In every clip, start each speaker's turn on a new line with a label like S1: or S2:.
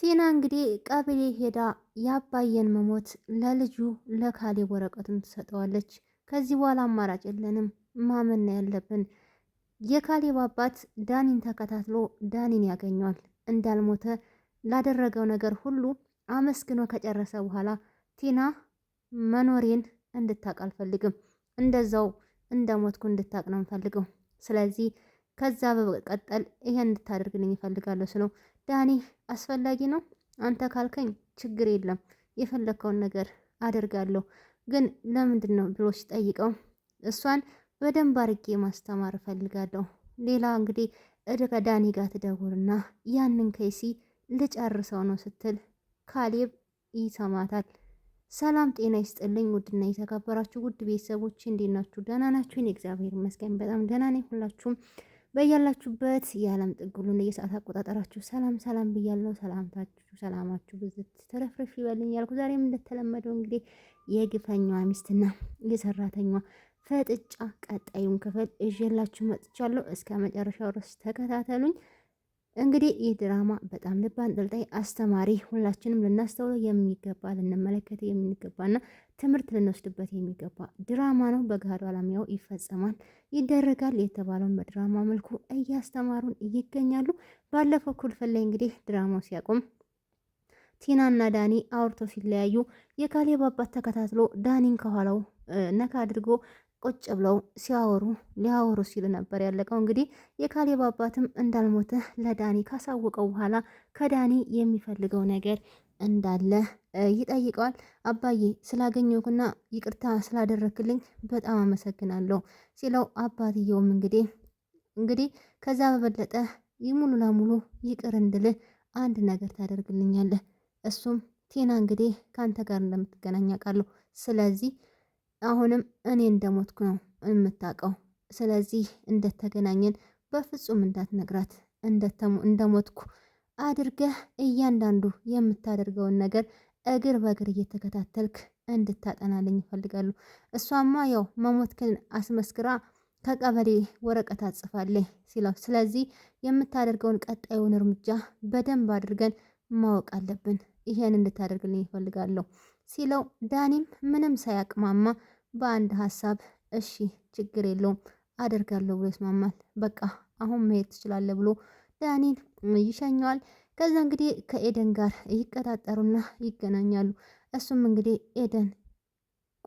S1: ቲና እንግዲህ ቀበሌ ሄዳ የአባየን መሞት ለልጁ ለካሌብ ወረቀቱን ትሰጠዋለች። ከዚህ በኋላ አማራጭ የለንም፣ ማመን ያለብን የካሌብ አባት ዳኒን ተከታትሎ ዳኒን ያገኘዋል። እንዳልሞተ ላደረገው ነገር ሁሉ አመስግኖ ከጨረሰ በኋላ ቲና መኖሬን እንድታቅ አልፈልግም፣ እንደዛው እንደሞትኩ እንድታቅ ነው የምፈልገው። ስለዚህ ከዛ በቀጠል ይሄን እንድታደርግልኝ ይፈልጋለሁ ስለው ዳኒ አስፈላጊ ነው አንተ ካልከኝ ችግር የለም የፈለግከውን ነገር አደርጋለሁ ግን ለምንድን ነው ብሎ ሲጠይቀው እሷን በደንብ አርጌ ማስተማር እፈልጋለሁ። ሌላ እንግዲህ እድቀ ዳኒ ጋር ትደውልና ያንን ከይሲ ልጨርሰው ነው ስትል ካሌብ ይሰማታል። ሰላም ጤና ይስጥልኝ። ውድና የተከበራችሁ ውድ ቤተሰቦች እንዴት ናችሁ? ደህና ናችሁን? እግዚአብሔር ይመስገን በጣም ደህና ነኝ። ሁላችሁም በያላችሁበት የዓለም ጥግ የሰዓት አቆጣጠራችሁ ሰላም ሰላም ብያለው። ሰላምታችሁ ሰላማችሁ ብዝት ተረፍረሽ ይበልኝ ያልኩ ዛሬም እንደተለመደው እንግዲህ የግፈኛዋ ሚስትና የሰራተኛ ፈጥጫ ቀጣዩን ክፍል ይዤላችሁ መጥቻለሁ። እስከ መጨረሻው ድረስ ተከታተሉኝ። እንግዲህ ይህ ድራማ በጣም ልብ አንጠልጣይ አስተማሪ፣ ሁላችንም ልናስተውለው የሚገባ ልንመለከት የሚገባና ትምህርት ልንወስድበት የሚገባ ድራማ ነው። በገሃዱ አላሚያው ይፈጸማል፣ ይደረጋል የተባለውን በድራማ መልኩ እያስተማሩን ይገኛሉ። ባለፈው ክፍል ላይ እንግዲህ ድራማው ሲያቆም ቲናና ዳኒ አውርቶ ሲለያዩ የካሌብ አባት ተከታትሎ ዳኒን ከኋላው ነካ አድርጎ ቁጭ ብለው ሲያወሩ ሊያወሩ ሲሉ ነበር ያለቀው። እንግዲህ የካሌብ አባትም እንዳልሞተ ለዳኒ ካሳወቀው በኋላ ከዳኒ የሚፈልገው ነገር እንዳለ ይጠይቀዋል። አባዬ ስላገኘሁና ይቅርታ ስላደረክልኝ በጣም አመሰግናለሁ ሲለው አባትየውም እንግዲህ እንግዲህ ከዛ በበለጠ ሙሉ ለሙሉ ይቅር እንድል አንድ ነገር ታደርግልኛለህ። እሱም ቴና እንግዲህ ከአንተ ጋር እንደምትገናኝ አውቃለሁ። ስለዚህ አሁንም እኔ እንደሞትኩ ነው የምታውቀው። ስለዚህ እንደተገናኘን በፍጹም እንዳትነግራት። እንደሞትኩ አድርገህ እያንዳንዱ የምታደርገውን ነገር እግር በእግር እየተከታተልክ እንድታጠናልኝ ይፈልጋሉ። እሷማ ያው መሞትክን አስመስክራ ከቀበሌ ወረቀት አጽፋለኝ ሲለው፣ ስለዚህ የምታደርገውን ቀጣዩን እርምጃ በደንብ አድርገን ማወቅ አለብን። ይሄን እንድታደርግልኝ ይፈልጋለሁ። ሲለው ዳኒም ምንም ሳያቅማማ በአንድ ሀሳብ እሺ ችግር የለውም አደርጋለሁ ብሎ ይስማማል። በቃ አሁን መሄድ ትችላለ ብሎ ዳኒን ይሸኘዋል። ከዛ እንግዲህ ከኤደን ጋር ይቀጣጠሩና ይገናኛሉ። እሱም እንግዲህ ኤደን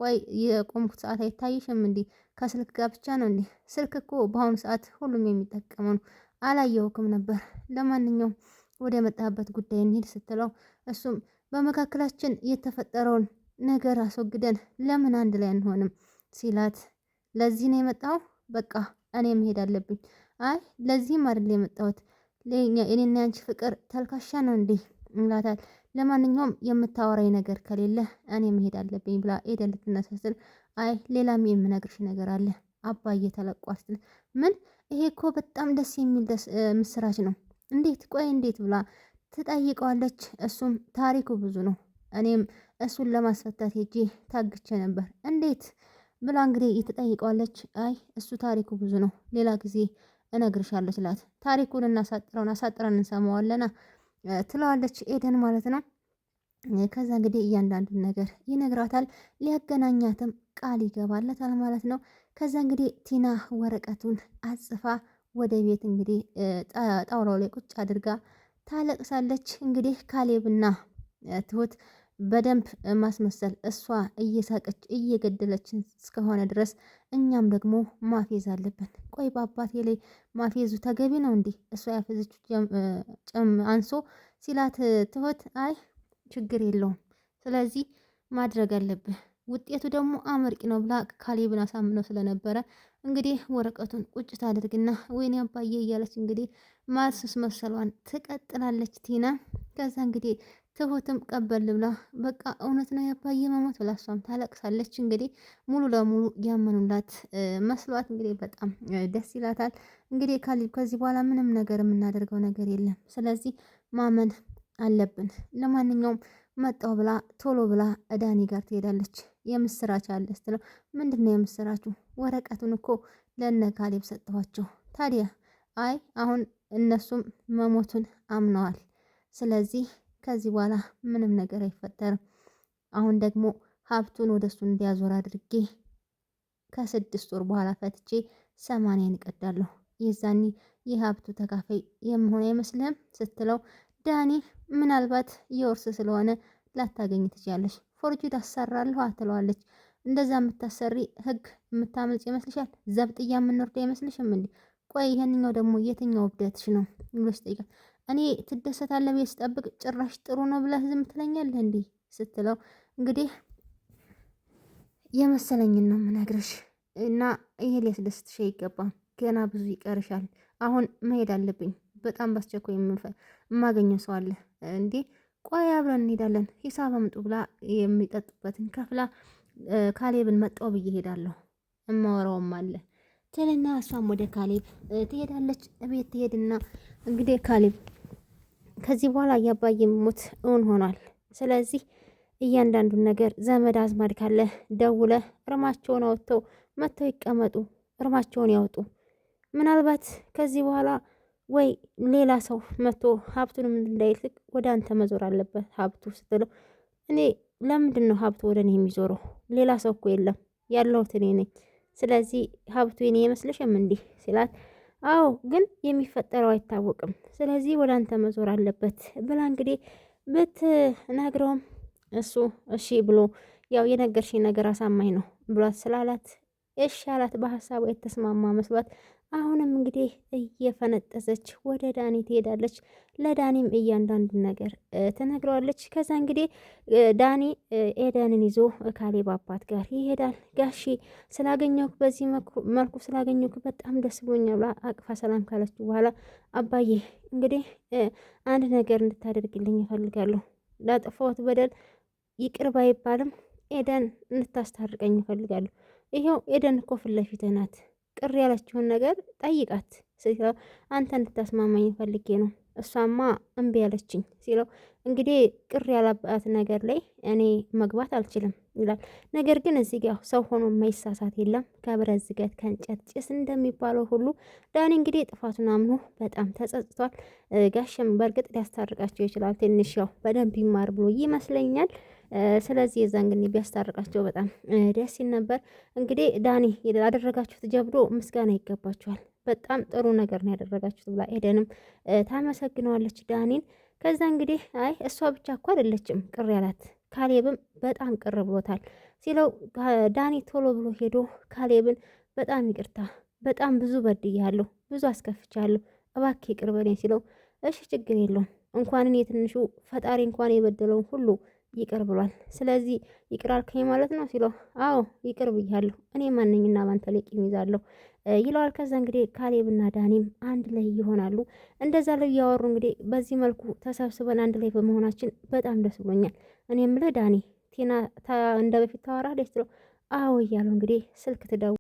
S1: ቆይ የቆምኩት ሰዓት አይታይሽም እንዴ? ከስልክ ጋር ብቻ ነው እንዴ? ስልክ እኮ በአሁኑ ሰዓት ሁሉም የሚጠቀመው ነው። አላየሁክም ነበር። ለማንኛውም ወደ መጣበት ጉዳይ እንሂድ ስትለው እሱም በመካከላችን የተፈጠረውን ነገር አስወግደን ለምን አንድ ላይ አንሆንም ሲላት፣ ለዚህ ነው የመጣው በቃ እኔ መሄድ አለብኝ። አይ ለዚህም አይደል የመጣሁት እኔና ያንቺ ፍቅር ተልካሻ ነው እንዴ እንላታል ለማንኛውም የምታወራኝ ነገር ከሌለ እኔ መሄድ አለብኝ ብላ ኤደን ልትነሳስል፣ አይ ሌላም የምነግርሽ ነገር አለ አባዬ ተለቋል ስትል፣ ምን ይሄ እኮ በጣም ደስ የሚል ምስራች ነው እንዴት ቆይ እንዴት ብላ ትጠይቀዋለች። እሱም ታሪኩ ብዙ ነው፣ እኔም እሱን ለማስፈታት ሄጄ ታግቼ ነበር፣ እንዴት ብላ እንግዲህ እየተጠይቀዋለች። አይ እሱ ታሪኩ ብዙ ነው፣ ሌላ ጊዜ እነግርሻለች ላት ታሪኩን እናሳጥረውን አሳጥረን እንሰማዋለና ትለዋለች ኤደን ማለት ነው። ከዛ እንግዲህ እያንዳንዱን ነገር ይነግራታል። ሊያገናኛትም ቃል ይገባለታል ማለት ነው። ከዛ እንግዲህ ቲና ወረቀቱን አጽፋ ወደ ቤት እንግዲህ ጣውላው ላይ ቁጭ አድርጋ ታለቅሳለች። እንግዲህ ካሌብና ትሁት በደንብ ማስመሰል እሷ እየሳቀች እየገደለችን እስከሆነ ድረስ እኛም ደግሞ ማፌዝ አለብን። ቆይ በአባቴ ላይ ማፌዙ ተገቢ ነው እንዲህ እሷ ያፈዘችው ጭም አንሶ ሲላት ትሁት አይ ችግር የለውም ስለዚህ ማድረግ አለብህ ውጤቱ ደግሞ አመርቂ ነው ብላ ካሌብን አሳምነው ስለነበረ እንግዲህ ወረቀቱን ቁጭ አድርግና ወይኔ አባዬ እያለች እንግዲህ ማስስ መሰሏን ትቀጥላለች ቲና። ከዛ እንግዲህ ትሁትም ቀበል ብላ በቃ እውነት ነው ያባዬ መሞት ብላ እሷም ታለቅሳለች። እንግዲህ ሙሉ ለሙሉ ያመኑላት መስሏት እንግዲህ በጣም ደስ ይላታል። እንግዲህ ካሌብ ከዚህ በኋላ ምንም ነገር የምናደርገው ነገር የለም፣ ስለዚህ ማመን አለብን። ለማንኛውም መጣው ብላ ቶሎ ብላ እዳኔ ጋር ትሄዳለች። የምስራች አለ ስትለው ምንድን ነው የምስራቹ? ወረቀቱን እኮ ለነ ካሌብ ሰጠኋቸው። ታዲያ አይ አሁን እነሱም መሞቱን አምነዋል። ስለዚህ ከዚህ በኋላ ምንም ነገር አይፈጠርም። አሁን ደግሞ ሀብቱን ወደ እሱ እንዲያዞር አድርጌ ከስድስት ወር በኋላ ፈትቼ ሰማንያን እቀዳለሁ። የዛኔ የሀብቱ ተካፋይ የምሆን አይመስልህም ስትለው ዳኒ ምናልባት የውርስ ስለሆነ ላታገኝ ትችላለች ፎርጅድ አሰራለሁ አትለዋለች። እንደዛ የምታሰሪ ህግ የምታመልጽ ይመስልሻል? ዘብጥያ የምንወርደ ይመስልሽም እንዴ? ቆይ ይህንኛው ደግሞ የትኛው እብደትሽ ነው ብሎች ሲጠይቃት እኔ ትደሰታለህ ብዬ ስጠብቅ ጭራሽ ጥሩ ነው ብለህ ዝም ትለኛለህ እንዲህ ስትለው እንግዲህ የመሰለኝን ነው የምነግርሽ እና ይሄ ሊያስደስትሽ አይገባም። ገና ብዙ ይቀርሻል። አሁን መሄድ አለብኝ። በጣም ባስቸኳይ የማገኘው ሰው አለ እንዴ ቆይ አብረን እንሄዳለን፣ ሂሳብ አምጡ ብላ የሚጠጡበትን ከፍላ ካሌብን መጣው ብዬ ሄዳለሁ እማወራውም አለ ትልና እሷም ወደ ካሌብ ትሄዳለች። እቤት ትሄድና እንግዲህ ካሌብ ከዚህ በኋላ እያባዬ ሞት እውን ሆኗል። ስለዚህ እያንዳንዱን ነገር ዘመድ አዝማድ ካለ ደውለ እርማቸውን አውጥተው መጥተው ይቀመጡ፣ እርማቸውን ያውጡ። ምናልባት ከዚህ በኋላ ወይ ሌላ ሰው መጥቶ ሀብቱንም እንዳይልክ ወደ አንተ መዞር አለበት ሀብቱ ስትለው፣ እኔ ለምንድን ነው ሀብቱ ወደ እኔ የሚዞረው? ሌላ ሰው እኮ የለም ያለሁት እኔ ነኝ። ስለዚህ ሀብቱ የኔ ይመስልሽም እንዲህ ሲላት፣ አዎ ግን የሚፈጠረው አይታወቅም። ስለዚህ ወደ አንተ መዞር አለበት ብላ እንግዲህ ብትነግረውም እሱ እሺ ብሎ ያው የነገርሽኝ ነገር አሳማኝ ነው ብሏት ስላላት እሺ አላት። በሀሳቡ የተስማማ መስሏት አሁንም እንግዲህ እየፈነጠዘች ወደ ዳኒ ትሄዳለች። ለዳኒም እያንዳንዱ ነገር ትነግረዋለች። ከዛ እንግዲህ ዳኒ ኤደንን ይዞ ካሌብ አባት ጋር ይሄዳል። ጋሺ ስላገኘሁ በዚህ መልኩ ስላገኘሁ በጣም ደስ ብሎኛል ብላ አቅፋ ሰላም ካለችው በኋላ አባዬ እንግዲህ አንድ ነገር እንድታደርግልኝ እፈልጋለሁ። ላጠፋሁት በደል ይቅር ባይባልም ኤደን እንድታስታርቀኝ እፈልጋለሁ። ይኸው ኤደን እኮ ፊት ናት ቅር ያለችውን ነገር ጠይቃት ሲለው አንተ እንድታስማማኝ ፈልጌ ነው እሷማ እምቢ ያለችኝ ሲለው እንግዲህ ቅር ያለባት ነገር ላይ እኔ መግባት አልችልም ይላል። ነገር ግን እዚህ ጋር ሰው ሆኖ የማይሳሳት የለም ከብረት ዝገት ከእንጨት ጭስ እንደሚባለው ሁሉ ዳኒ እንግዲህ ጥፋቱን አምኖ በጣም ተጸጽቷል። ጋሸም በእርግጥ ሊያስታርቃቸው ይችላል። ትንሽ ያው በደንብ ይማር ብሎ ይመስለኛል። ስለዚህ የዛን ግን ቢያስታርቃቸው በጣም ደስ ይል ነበር። እንግዲህ ዳኒ ያደረጋችሁት ጀብዶ ምስጋና ይገባችኋል፣ በጣም ጥሩ ነገር ነው ያደረጋችሁት ብላ ኤደንም ታመሰግነዋለች ዳኒን። ከዛ እንግዲህ አይ እሷ ብቻ እኮ አይደለችም ቅር ያላት ካሌብም በጣም ቅር ብሎታል ሲለው ዳኒ ቶሎ ብሎ ሄዶ ካሌብን በጣም ይቅርታ፣ በጣም ብዙ በድያለሁ፣ ብዙ አስከፍቻለሁ፣ እባክህ ይቅር በለኝ ሲለው እሺ ችግር የለውም እንኳንን የትንሹ ፈጣሪ እንኳን የበደለውን ሁሉ ይቅር ብሏል። ስለዚህ ይቅር አልከኝ ማለት ነው ሲለው፣ አዎ ይቅር ብያለሁ እኔ ማንኝና ማንተ ላይ ቂም ይዛለሁ ይለዋል። ከዛ እንግዲህ ካሌብና ዳኒም አንድ ላይ ይሆናሉ። እንደዛ ላይ እያወሩ እንግዲህ በዚህ መልኩ ተሰብስበን አንድ ላይ በመሆናችን በጣም ደስ ብሎኛል። እኔ የምልህ ዳኒ ቴና እንደ በፊት ታወራለች? አዎ እያሉ እንግዲህ ስልክ ትደው